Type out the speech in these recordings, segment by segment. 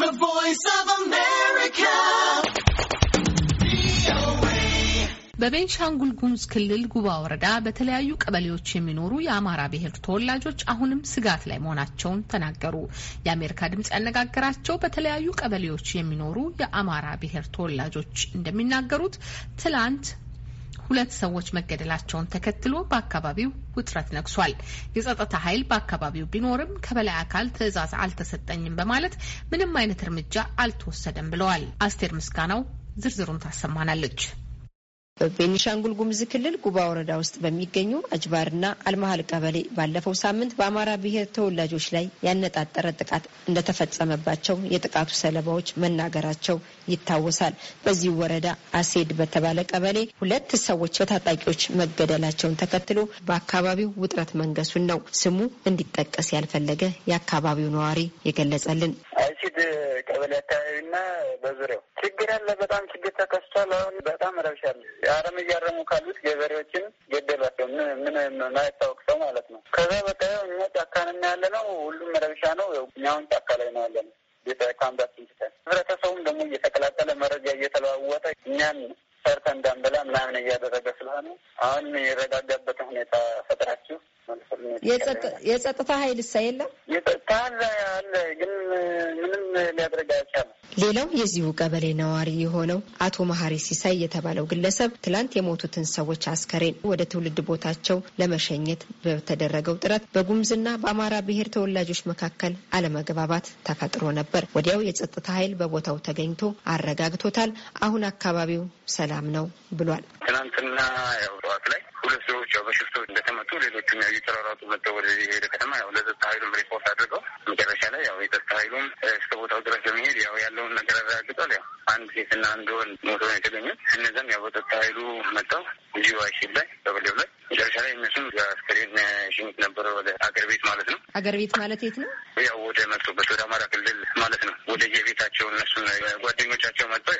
The Voice of America. በቤንሻንጉል ጉሙዝ ክልል ጉባ ወረዳ በተለያዩ ቀበሌዎች የሚኖሩ የአማራ ብሔር ተወላጆች አሁንም ስጋት ላይ መሆናቸውን ተናገሩ። የአሜሪካ ድምጽ ያነጋገራቸው በተለያዩ ቀበሌዎች የሚኖሩ የአማራ ብሔር ተወላጆች እንደሚናገሩት ትላንት ሁለት ሰዎች መገደላቸውን ተከትሎ በአካባቢው ውጥረት ነግሷል። የጸጥታ ኃይል በአካባቢው ቢኖርም ከበላይ አካል ትዕዛዝ አልተሰጠኝም በማለት ምንም አይነት እርምጃ አልተወሰደም ብለዋል። አስቴር ምስጋናው ዝርዝሩን ታሰማናለች። በቤኒሻንጉል ጉምዝ ክልል ጉባ ወረዳ ውስጥ በሚገኙ አጅባርና አልመሀል ቀበሌ ባለፈው ሳምንት በአማራ ብሔር ተወላጆች ላይ ያነጣጠረ ጥቃት እንደተፈጸመባቸው የጥቃቱ ሰለባዎች መናገራቸው ይታወሳል። በዚህ ወረዳ አሴድ በተባለ ቀበሌ ሁለት ሰዎች በታጣቂዎች መገደላቸውን ተከትሎ በአካባቢው ውጥረት መንገሱን ነው ስሙ እንዲጠቀስ ያልፈለገ የአካባቢው ነዋሪ የገለጸልን። ሲድ ቀበሌ አካባቢና በዙሪያው ችግር አለ። በጣም ችግር ተከስቷል። አሁን በጣም ረብሻል። አረም እያረሙ ካሉት ገበሬዎችን ገደሏቸው። ምን ማይታወቅ ሰው ማለት ነው። ከዛ በቃ እኛ ጫካንና ያለ ነው። ሁሉም ረብሻ ነው። እኛውን ጫካ ላይ ነው ያለ ነው። ቤተ ካምባት ህብረተሰቡም ደግሞ እየተቀላቀለ መረጃ እየተለዋወጠ እኛን ሰርተ እንዳንበላ ምናምን እያደረገ ስለሆነ አሁን የረጋጋበትን ሁኔታ ፈጥራችሁ የጸጥታ ሀይል እሳ የለም ሌላው የዚሁ ቀበሌ ነዋሪ የሆነው አቶ መሀሪ ሲሳይ የተባለው ግለሰብ ትላንት የሞቱትን ሰዎች አስከሬን ወደ ትውልድ ቦታቸው ለመሸኘት በተደረገው ጥረት በጉምዝና በአማራ ብሔር ተወላጆች መካከል አለመግባባት ተፈጥሮ ነበር። ወዲያው የጸጥታ ኃይል በቦታው ተገኝቶ አረጋግቶታል። አሁን አካባቢው ሰላም ነው ብሏል። ትናንትና ያው በሽፍቶች እንደተመቱ ሌሎቹም ያው እየተሯሯጡ መጥተው ወደዚህ የሄደ ከተማ ያው ለጸጥታ ኃይሉም ሪፖርት አድርገው መጨረሻ ላይ ያው የጸጥታ ኃይሉም እስከ ቦታው ድረስ በመሄድ ያው ያለውን ነገር አረጋግጧል። ያው አንድ ሴትና አንድ ወንድ ሞቶ ነው የተገኙት። እነዚም ያው በጸጥታ ኃይሉ መጥተው እዚሁ አይሽል ላይ በበሌው ላይ መጨረሻ ላይ እነሱም አስከሬን ሽኝት ነበረ ወደ አገር ቤት ማለት ነው። አገር ቤት ማለት የት ነው? ያው ወደ መጡበት ወደ አማራ ክልል ማለት ነው። ወደ የቤታቸው እነሱን ጓደኞቻቸው መጥተው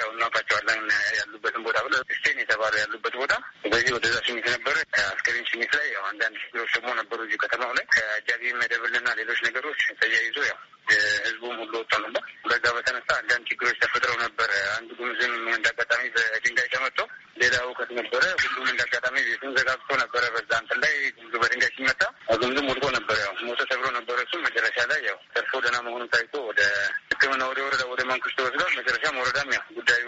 ደግሞ ነበሩ እዚህ ከተማው ላይ ከአጃቢ መደብልና ሌሎች ነገሮች ተያይዞ ያው ህዝቡም ሁሉ ወጥቶ ነበር። በዛ በተነሳ አንዳንድ ችግሮች ተፈጥረው ነበር። አንዱ ጉምዝም እንዳጋጣሚ በድንጋይ ተመቶ ሌላ እውቀት ነበረ። ሁሉም እንዳጋጣሚ ቤቱን ዘጋግቶ ነበረ። በዛ እንትን ላይ ጉምዙ በድንጋይ ሲመታ ጉምዝም ወድቆ ነበረ። ያው ሞቶ ተብሎ ነበረ። እሱም መጨረሻ ላይ ያው ተርፎ ደህና መሆኑ ታይቶ ወደ ሕክምና ወደ ወረዳ ወደ መንኩስ ተወስዷል። መጨረሻም ወረዳም ያው ጉዳዩ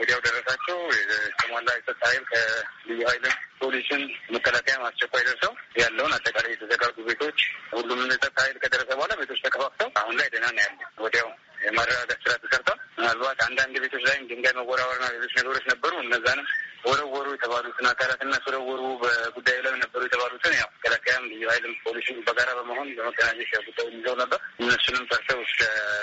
ወዲያው ደረሳቸው። የተሟላ የጸጥታ ኃይል ከልዩ ኃይልም ፖሊስን፣ መከላከያም አስቸኳይ ደርሰው ያለውን አጠቃላይ የተዘጋጉ ቤቶች ሁሉም የጸጥታ ኃይል ከደረሰ በኋላ ቤቶች ተከፋፍተው አሁን ላይ ደህና ነው ያለ ወዲያው የማረጋጋት ስራ ተሰርቷል። ምናልባት አንዳንድ ቤቶች ላይም ድንጋይ መወራወርና ሌሎች ነገሮች ነበሩ። እነዛንም ወረወሩ የተባሉትን አካላትና ስለወሩ በጉዳዩ ላይ ልዩ ኃይልም ፖሊሱም በጋራ በመሆን በመቀናጀት ጉዳዩ ይዘው ነበር። እነሱንም ጠርተው እስከ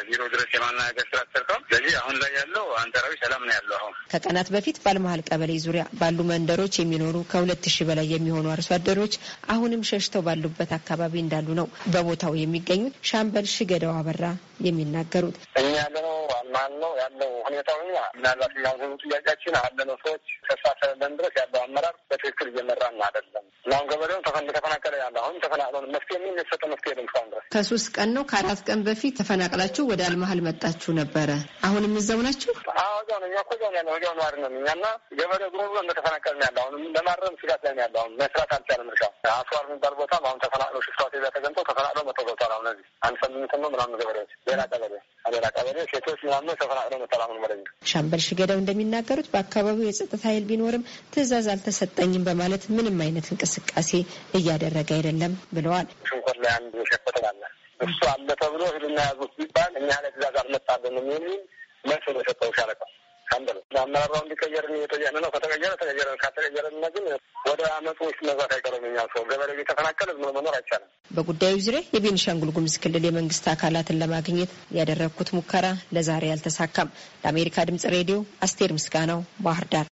ቢሮ ድረስ የማናገር ስራ ተሰርተዋል። ስለዚህ አሁን ላይ ያለው አንጻራዊ ሰላም ነው ያለው። አሁን ከቀናት በፊት ባልመሀል ቀበሌ ዙሪያ ባሉ መንደሮች የሚኖሩ ከሁለት ሺህ በላይ የሚሆኑ አርሶ አደሮች አሁንም ሸሽተው ባሉበት አካባቢ እንዳሉ ነው በቦታው የሚገኙት ሻምበል ሽገደው አበራ የሚናገሩት። እኛ ያለነው አማን ነው ያለው ሁኔታው ኛ ምናልባት የሚያዘኑ ጥያቄያችን አለነው ሰዎች ተሳሰለን ድረስ ያለው አመራር በትክክል እየመራን አይደለም። ለአሁን ገበሬውን ተፈን ተፈናቀለ ያለ አሁን ተፈናቅለ መፍትሄ ምን የተሰጠ መፍትሄ የለም እስካሁን ድረስ። ከሶስት ቀን ነው ከአራት ቀን በፊት ተፈናቅላችሁ ወደ አልመሀል መጣችሁ ነበረ። አሁንም እዛው ናችሁ? አዎ እዛው ነው። እኛ እኮ እዛው ነው ያለው። እዛው ነዋሪ ነው እኛ እና ገበሬው ግሮ ብሎ እንደተፈናቀል ያለ። አሁን ለማረም ስጋት ላይ ያለ። አሁን መስራት አልቻለም። እርሻ አስዋር የሚባል ቦታም አሁን ተፈናቅለው ሽፍታ ዜዛ ተገንጠው ተፈናቅለው መጥተው ገብቷል። አሁን እዚህ አንድ ሰምንት ነው ምናምን ገበሬዎች ሌላ ገበሬ አሌላ ቀበሌ ሴቶች ምናምን ተፈናቅለው መተላምን ማለት ሻምበል ሽገዳው እንደሚናገሩት በአካባቢው የጸጥታ ኃይል ቢኖርም ትዕዛዝ አልተሰጠኝም በማለት ምንም አይነት እንቅስቃሴ እያደረገ አይደለም ብለዋል። ሽንኮር ላይ አንዱ ሸፈተላለ እሱ አለ ተብሎ ህልና ያዙት ቢባል እኛ ላይ ትዕዛዝ አልመጣለን የሚል መልስ ነው የሰጠው ሻለቃ ሻምበል አመራራው እንዲቀየር እየጠየቅን ነው። ከተቀየረ ተቀየረ፣ ካልተቀየረ ግን ውስጥ መዛት አይቀርም። እኛ ሰው ገበሬ እየተፈናቀለ ዝም ብሎ መኖር አይቻልም። በጉዳዩ ዙሪያ የቤንሻንጉል ጉምዝ ክልል የመንግስት አካላትን ለማግኘት ያደረግኩት ሙከራ ለዛሬ አልተሳካም። ለአሜሪካ ድምጽ ሬዲዮ አስቴር ምስጋናው ባህር ዳር